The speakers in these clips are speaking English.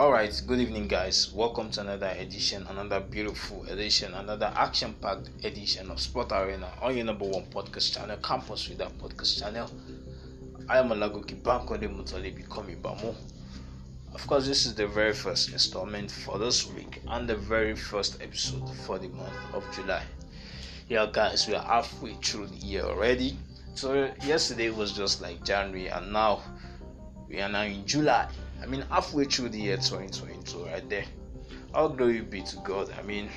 all right good evening guys welcome to another edition another beautiful edition another action packed edition of sport arena on your number one podcast channel campus with that podcast channel i am alagoki bankode mutale become bamo. of course this is the very first installment for this week and the very first episode for the month of july yeah guys we are halfway through the year already so yesterday was just like january and now we are now in july I mean, halfway through the year 2022, right there. How glory be to God. I mean,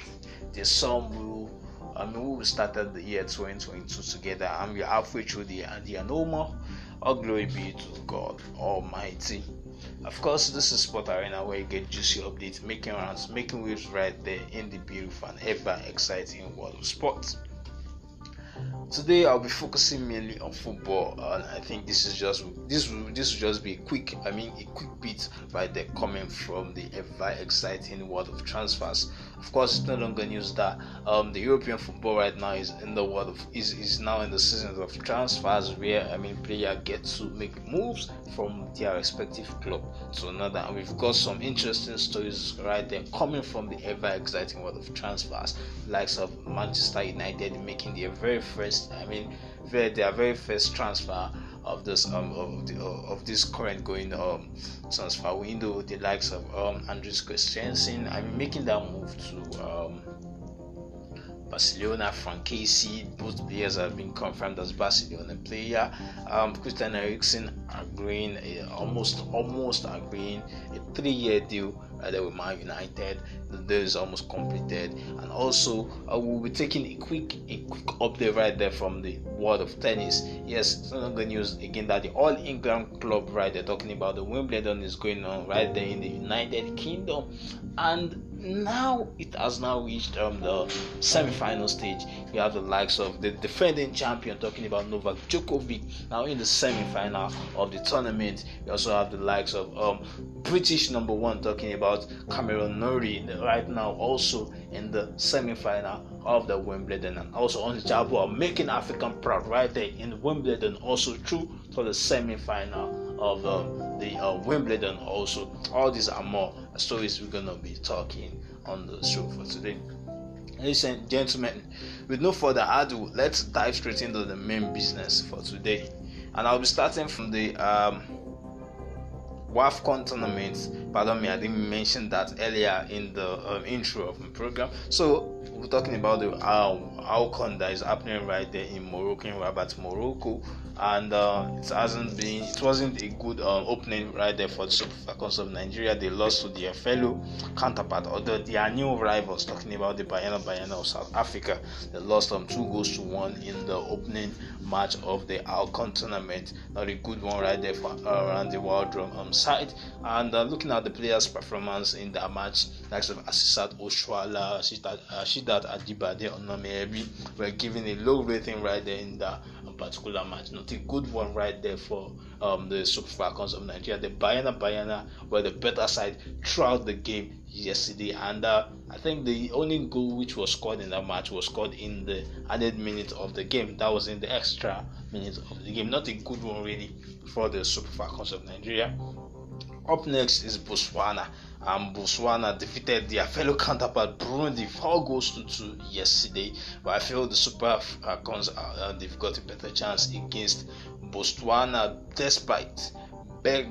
the some will. I mean, we started the year 2022 together, and we're halfway through the year no more. All glory be to God Almighty. Of course, this is Sport Arena where you get juicy updates, making rounds, making waves right there in the beautiful and ever exciting world of sports today I'll be focusing mainly on football, and I think this is just this will this will just be a quick. I mean, a quick bit right there coming from the ever exciting world of transfers. Of course, it's no longer news that um, the European football right now is in the world of is is now in the season of transfers, where I mean, players get to make moves from their respective club to another, and we've got some interesting stories right there coming from the ever exciting world of transfers, likes of Manchester United making their very first first. I mean, their, their very first transfer of this um, of, the, of this current going um, transfer window, the likes of um, Christensen, I'm making that move to um, Barcelona, Francesi, both players have been confirmed as Barcelona player. Um, Christian Eriksen agreeing eh, almost almost agreeing a three-year deal uh, with Man United. The deal is almost completed, and also uh, we'll be taking a quick a quick update right there from the world of tennis. Yes, it's not good news again that the All England club right they're talking about the Wimbledon is going on right there in the United Kingdom, and now it has now reached um, the semi-final stage. You have the likes of the defending champion talking about Novak Djokovic now in the semi-final of the tournament. You also have the likes of um, British number one talking about Cameron Norrie right now also in the semi-final of the Wimbledon and also on the job who are making African proud right there in Wimbledon also through to the semi-final of um, the uh, Wimbledon also. All these are more stories we're gonna be talking on the show for today. Ladies and gentlemen, with no further ado, let's dive straight into the main business for today. And I'll be starting from the um, WAFCON tournament. Pardon me, I didn't mention that earlier in the um, intro of my program. So, we're talking about the uh, Alcon that is happening right there in Morocco, in Rabat, Morocco, and uh, it hasn't been, it wasn't a good um, opening right there for the Super Falcons of Nigeria. They lost to their fellow counterpart, although their new rivals, talking about the Bayana Bayana of South Africa, they lost um, two goals to one in the opening match of the Alcon tournament. Not a good one right there for uh, around the World Drum um, side. And uh, looking at the players' performance in that match, likes of Asisat Oshwala, Shidat uh, Adibade, Onomebe maybe we're giving a low rating right there in that uh, particular match. Not a good one right there for um, the Super Falcons of Nigeria. The Bayana Bayana were the better side throughout the game yesterday, and uh, I think the only goal which was scored in that match was scored in the added minute of the game. That was in the extra minute of the game. Not a good one really for the Super Falcons of Nigeria. Up next is Botswana and Botswana defeated their fellow counterpart Burundi 4 goals to 2 yesterday. But I feel the Super Falcons uh, they've got a better chance against Botswana despite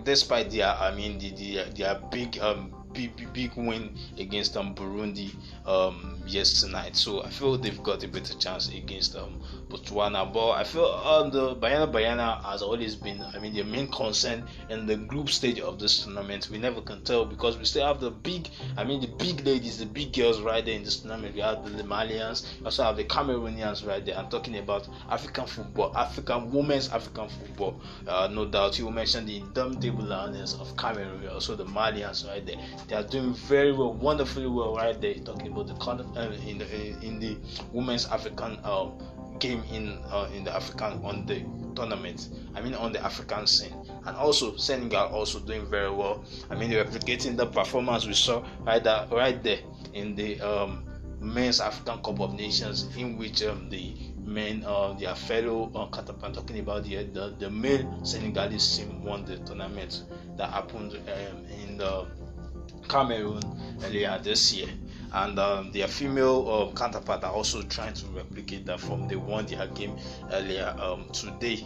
despite their I mean the, the, their big um big, big win against um, Burundi um yes tonight. So I feel they've got a better chance against um, Botswana. But I feel um, the Bayana Bayana has always been, I mean, the main concern in the group stage of this tournament. We never can tell because we still have the big, I mean, the big ladies, the big girls right there in this tournament. We have the Malians, also have the Cameroonians right there. I'm talking about African football, African women's African football. Uh, no doubt you mentioned the indomitable lions of Cameroon, also the Malians right there. They are doing very well, wonderfully well right there. Talking about the uh, in the uh, in the women's African uh, game in uh, in the African on the tournament. I mean on the African scene, and also Senegal also doing very well. I mean replicating the performance we saw right there, right there in the um, men's African Cup of Nations, in which um, the men, uh, their fellow uh, Katapan, talking about the, the, the male Senegalese team won the tournament that happened um, in the uh, Cameroon earlier this year and um, their female uh, counterpart are also trying to replicate that from the one they had game earlier um, today.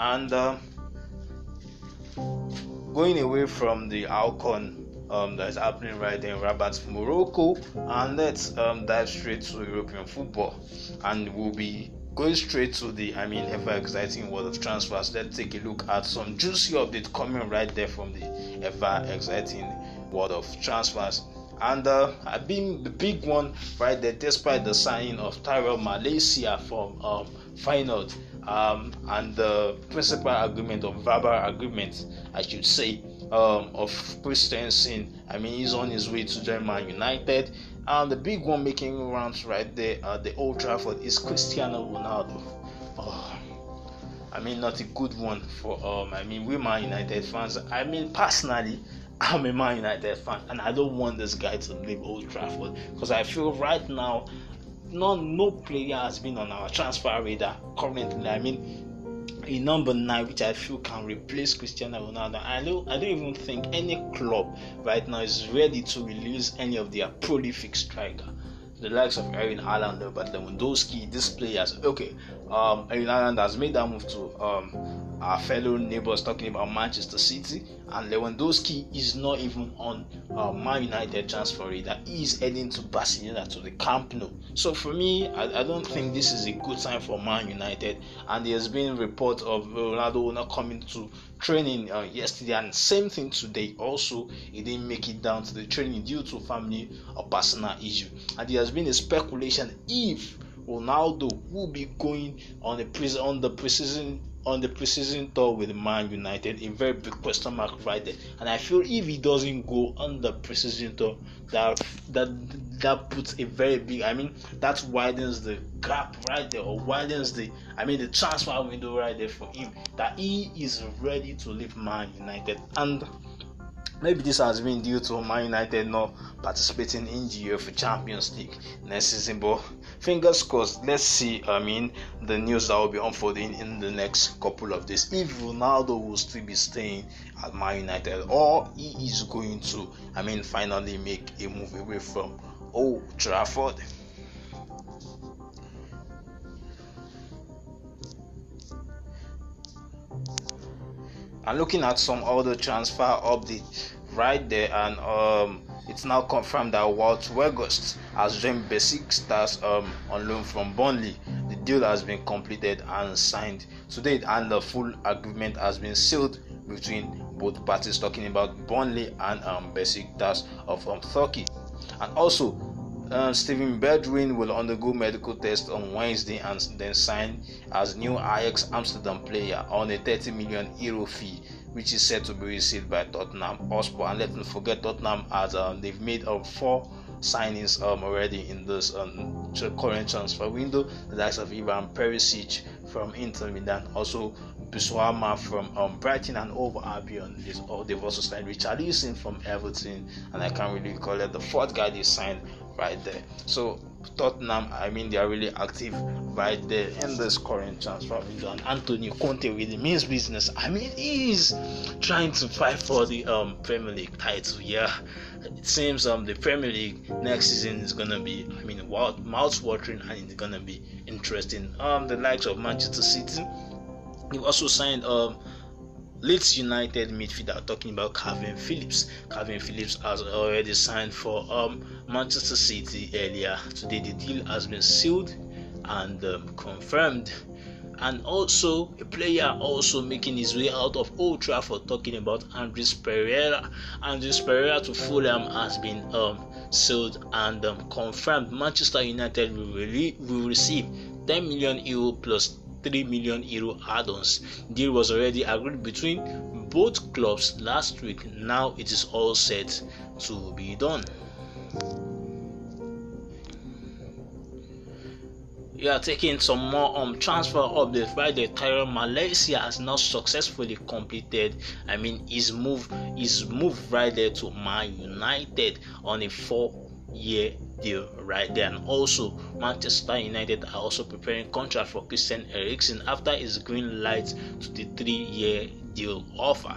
And um, going away from the Alcon um, that is happening right in Rabat, Morocco, and let's um, dive straight to European football. And we'll be going straight to the, I mean, ever exciting world of transfers. Let's take a look at some juicy update coming right there from the ever exciting world of transfers and uh, I've been the big one right there, despite the signing of Tyrell Malaysia from um, Feyenoord um, and the principal agreement of verbal agreement, I should say, um, of Christensen. I mean, he's on his way to join Man United. And the big one making rounds right there at the Old Trafford is Cristiano Ronaldo. Oh, I mean, not a good one for um. I mean, we Man United fans. I mean, personally, I'm a Man United fan, and I don't want this guy to leave Old Trafford because I feel right now, no no player has been on our transfer radar currently. I mean, a number nine, which I feel can replace Cristiano Ronaldo. I don't, I don't even think any club right now is ready to release any of their prolific striker. The likes of Erin Haaland, but Lewandowski, these players. Okay, um, Erin Haaland has made that move to um, our fellow neighbors talking about Manchester City, and Lewandowski is not even on uh, Man United transfer That He is heading to Barcelona to the Camp Nou. So for me, I, I, don't think this is a good time for Man United. And there's been reports of Ronaldo not coming to training uh, yesterday, and same thing today. Also, he didn't make it down to the training due to family or personal issue. And there has been a speculation if Ronaldo will be going on the pre- on the preseason on the preseason tour with Man United, a very big question mark right there. And I feel if he doesn't go on the preseason tour, that that that puts a very big. I mean, that widens the gap right there, or widens the. I mean, the transfer window right there for him. That he is ready to leave Man United, and Maybe this has been due to Man United not participating in the UEFA Champions League next season, but fingers crossed. Let's see. I mean, the news that will be unfolding in the next couple of days. If Ronaldo will still be staying at Man United, or he is going to, I mean, finally make a move away from Old Trafford. and looking at some other transfer update right there and um, it's now confirmed that Walt Weghorst has joined Basic Stars um, on loan from Burnley. The deal has been completed and signed today, and the full agreement has been sealed between both parties, talking about Burnley and um, stars of um, Turkey. And also, uh, Stephen Bedwin will undergo medical test on Wednesday and then sign as new Ajax Amsterdam player on a 30 million euro fee, which is said to be received by Tottenham Hotspur. And let's not forget Tottenham as um, they've made um, four signings um, already in this um, current transfer window. The likes of Ivan Perisic from Inter Milan, also Biswama from um, Brighton and over Albion. Is, oh, they've also signed Richarlison from Everton, and I can't really call it. The fourth guy they signed right there. So Tottenham, I mean, they are really active right there in this current transfer window. And Anthony Conte really means business. I mean, he is trying to fight for the um, Premier League title. Yeah, it seems um the Premier League next season is gonna be, I mean, mouth-watering and it's gonna be interesting. Um, the likes of Manchester City, they also signed um Leeds United midfielder talking about Calvin Phillips. Calvin Phillips has already signed for um, Manchester City earlier today. The deal has been sealed and um, confirmed. And also a player also making his way out of Old Trafford talking about Andres Pereira. Andres Pereira to Fulham has been um, sold and um, confirmed. Manchester United will, will receive 10 million euro plus 3 million euro add-ons. Deal was already agreed between both clubs last week. Now it is all set to be done. We are taking some more um, transfer updates by the Tyron Malaysia has now successfully completed. I mean his move his move right there to Man United on a four year deal right there. And also, Manchester United are also preparing contract for Christian Eriksen after his green light to the three-year deal offer.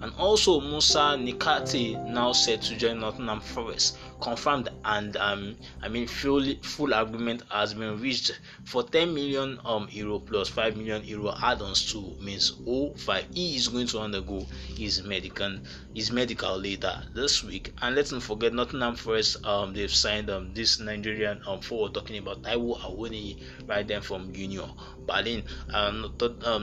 And also, Musa Nikati now set to join Nottingham Forest confirmed and um, I mean full full agreement has been reached for 10 million um, euro plus 5 million euro add-ons to means O5. He is going to undergo his medical his medical later this week. And let's not forget Nottingham Forest um, they've signed um, this Nigerian um, forward talking about Taiwo Awoni right then from Junior Berlin. Um,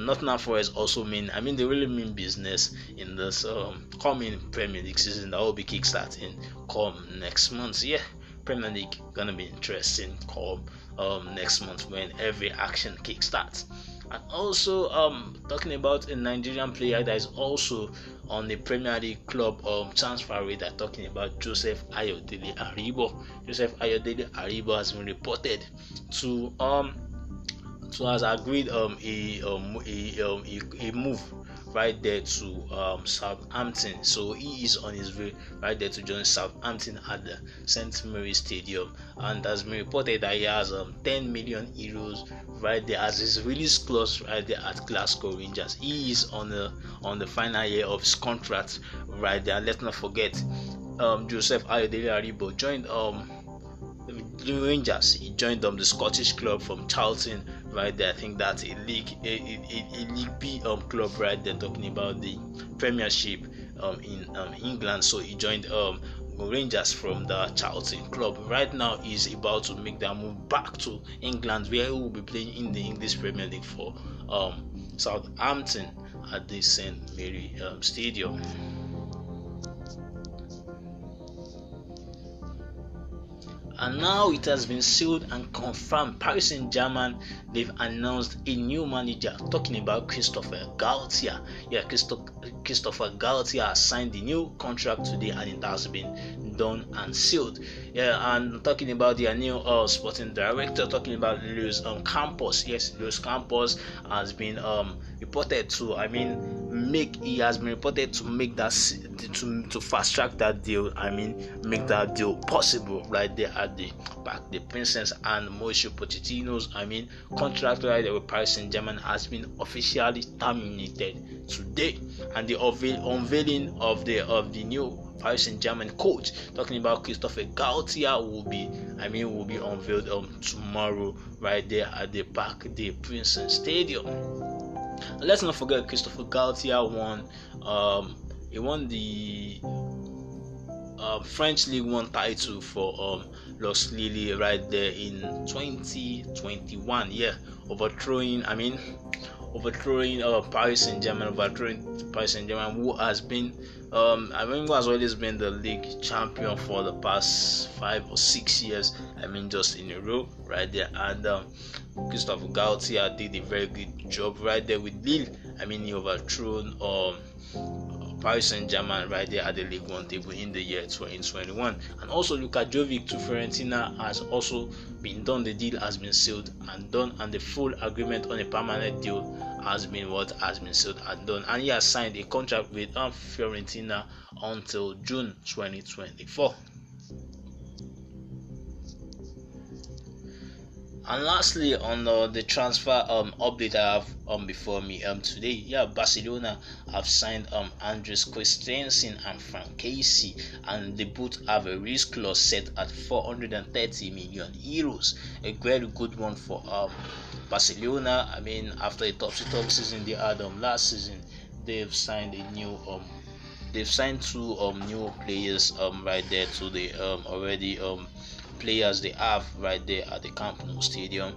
Nottingham Forest also mean I mean they really mean business in this um, coming Premier League season that will be kickstarting come next months, yeah, Premier League gonna be interesting come um, next month when every action kick starts, And also, um, talking about a Nigerian player that is also on the Premier League club um, transfer radar, talking about Joseph Ayodele Aribo. Joseph Ayodele Aribo has been reported to um so as agreed um he um he um he, moved right there to um, Southampton. So he is on his way right there to join Southampton at the St. Mary Stadium. And has been reported that he has um, 10 million euros right there as his release clause right there at Glasgow Rangers. He is on the on the final year of his contract right there. Let's not forget um, Joseph Ayodele Aribo joined um the Rangers. He joined them, um, the Scottish club from Charlton, right there. I think that's a league, a, a, a league B um, club, right there, talking about the Premiership um, in um, England. So he joined um, Rangers from the Charlton club. Right now, he's about to make that move back to England, where he will be playing in the English Premier League for um, Southampton at the St Mary um, Stadium. and now it has been sealed and confirmed. Paris Saint Germain they've announced a new manager. Talking about Christopher Galtier, yeah, Christo- Christopher Galtier has signed the new contract today, and it has been done and sealed. Yeah, and talking about their new uh, sporting director, talking about Luis um, Campos. Yes, Luis Campos has been um, reported to. I mean make he has been reported to make that to, to fast track that deal i mean make that deal possible right there at the back the princess and Mauricio Pochettino's i mean contract right there with paris saint-germain has been officially terminated today and the unveil- unveiling of the of the new Paris Saint-Germain coach talking about Christopher Gaultier will be I mean will be unveiled um, tomorrow right there at the Park the Princes Stadium let's not forget Christopher Galtier won. Um, he won the uh, French League One title for um, Los Lille right there in 2021. Yeah, overthrowing. I mean, overthrowing uh, Paris Saint Germain, overthrowing Paris Saint Germain, who has been um, Avengo has always been the league champion for the past five or six years. I mean, just in a row, right there. And um, Christophe Gautier did a very good job right there with Lille. I mean, he overthrew um, Paris Saint Germain right there at the League One table in the year 2021. And also, Luka Jovic to Fiorentina has also been done. The deal has been sealed and done, and the full agreement on a permanent deal has been what has been said and done, and he has signed a contract with Fiorentina until June 2024. And lastly, on uh, the transfer um, update I have um, before me um, today, yeah, Barcelona have signed um, Andres Christensen and Frank Casey, and they both have a risk clause set at 430 million euros. A very good one for um, Barcelona, I mean, after a topsy-turvy season they had um, last season, they've signed a new um, they've signed two um new players um right there to the um already um players they have right there at the Camp Nou Stadium,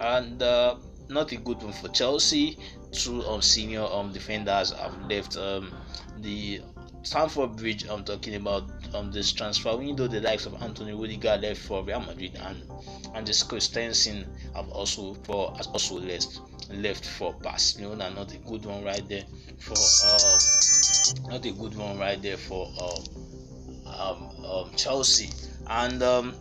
and uh, not a good one for Chelsea. Two um senior um defenders have left um the Stamford Bridge. I'm talking about um, this transfer window, the likes of Anthony Rudiger left for Real Madrid and and this Christensen have also for has also left left for Barcelona. Not a good one right there for uh, not a good one right there for uh, um, um, Chelsea. And um,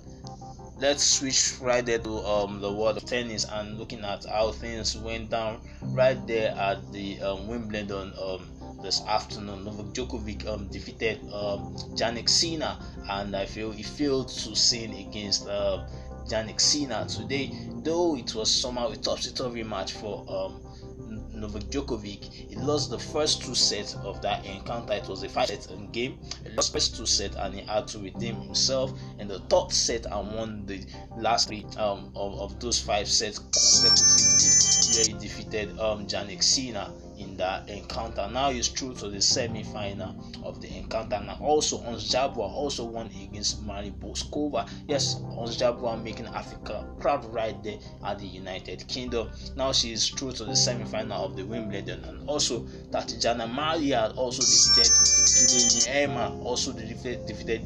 let's switch right there to um, the world of tennis and looking at how things went down right there at the um, Wimbledon. Um, this afternoon. Novak Djokovic um, defeated um, Janik and I feel he failed to sin against uh, Janik today, though it was somehow a topsy-turvy match for. Um, Novak Djokovic. He lost the first two sets of that encounter. It was a five set game. He lost the first two sets and he had to redeem himself in the third set and won the last three um, of, of those five sets where he defeated um, Janik that encounter. Now he's through to the semi final of the encounter. Now, also Onjabwa also won against Mari Boskova. Yes, Onjabwa making Africa proud right there at the United Kingdom. Now she is through to the semi final of the Wimbledon. And also, Tatjana Maria also defeated Judy Emma, also defeated, defeated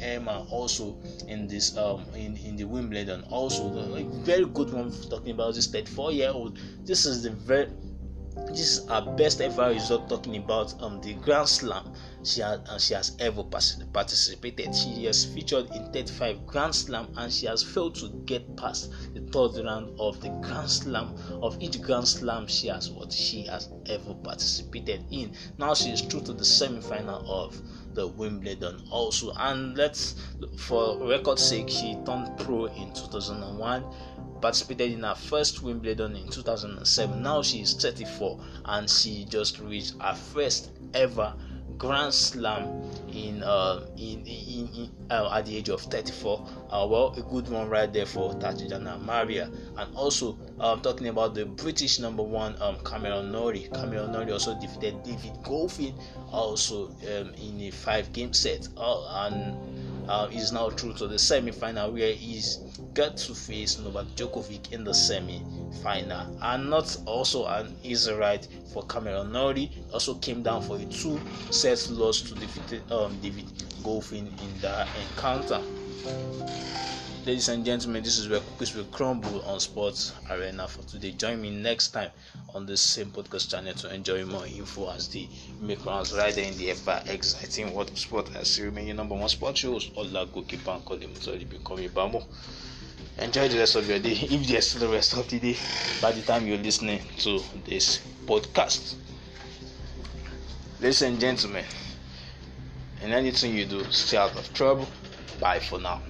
Emma also in this um in, in the Wimbledon. Also, the, like, very good one talking about this 34 year old. This is the very this is her best ever result talking about um, the Grand Slam she, has uh, she has ever participated. She has featured in 35 Grand Slam and she has failed to get past the third round of the Grand Slam of each Grand Slam she has what she has ever participated in. Now she is through to the semi-final of the Wimbledon also and let's for record sake she turned pro in 2001 participated in her first Wimbledon in 2007. Now she is 34 and she just reached her first ever Grand Slam in, uh, in, in, in uh, at the age of 34. Uh, well, a good one right there for Tatiana Maria. And also, I'm um, talking about the British number one um, Cameron Norrie. Cameron Norrie also defeated David Goffin also um, in a five game set. Uh, and uh, is now through to the semi-final where he's got to face Novak Djokovic in the semi-final. And not also an easy ride for Cameron Norrie. Also came down for a two set loss to defeat, um, David Goffin in that encounter. Ladies and gentlemen, this is where cookies will crumble on Sports Arena for today. Join me next time on the same podcast channel to enjoy more info as the make rounds right there in the ever exciting world of sport. as still remain your number one sports host, Ola Goalkeeper and Colin Mutori become bamo. Enjoy the rest of your day, if there's still the rest of the day, by the time you're listening to this podcast. Ladies and gentlemen, in anything you do, stay out of trouble. Bye for now.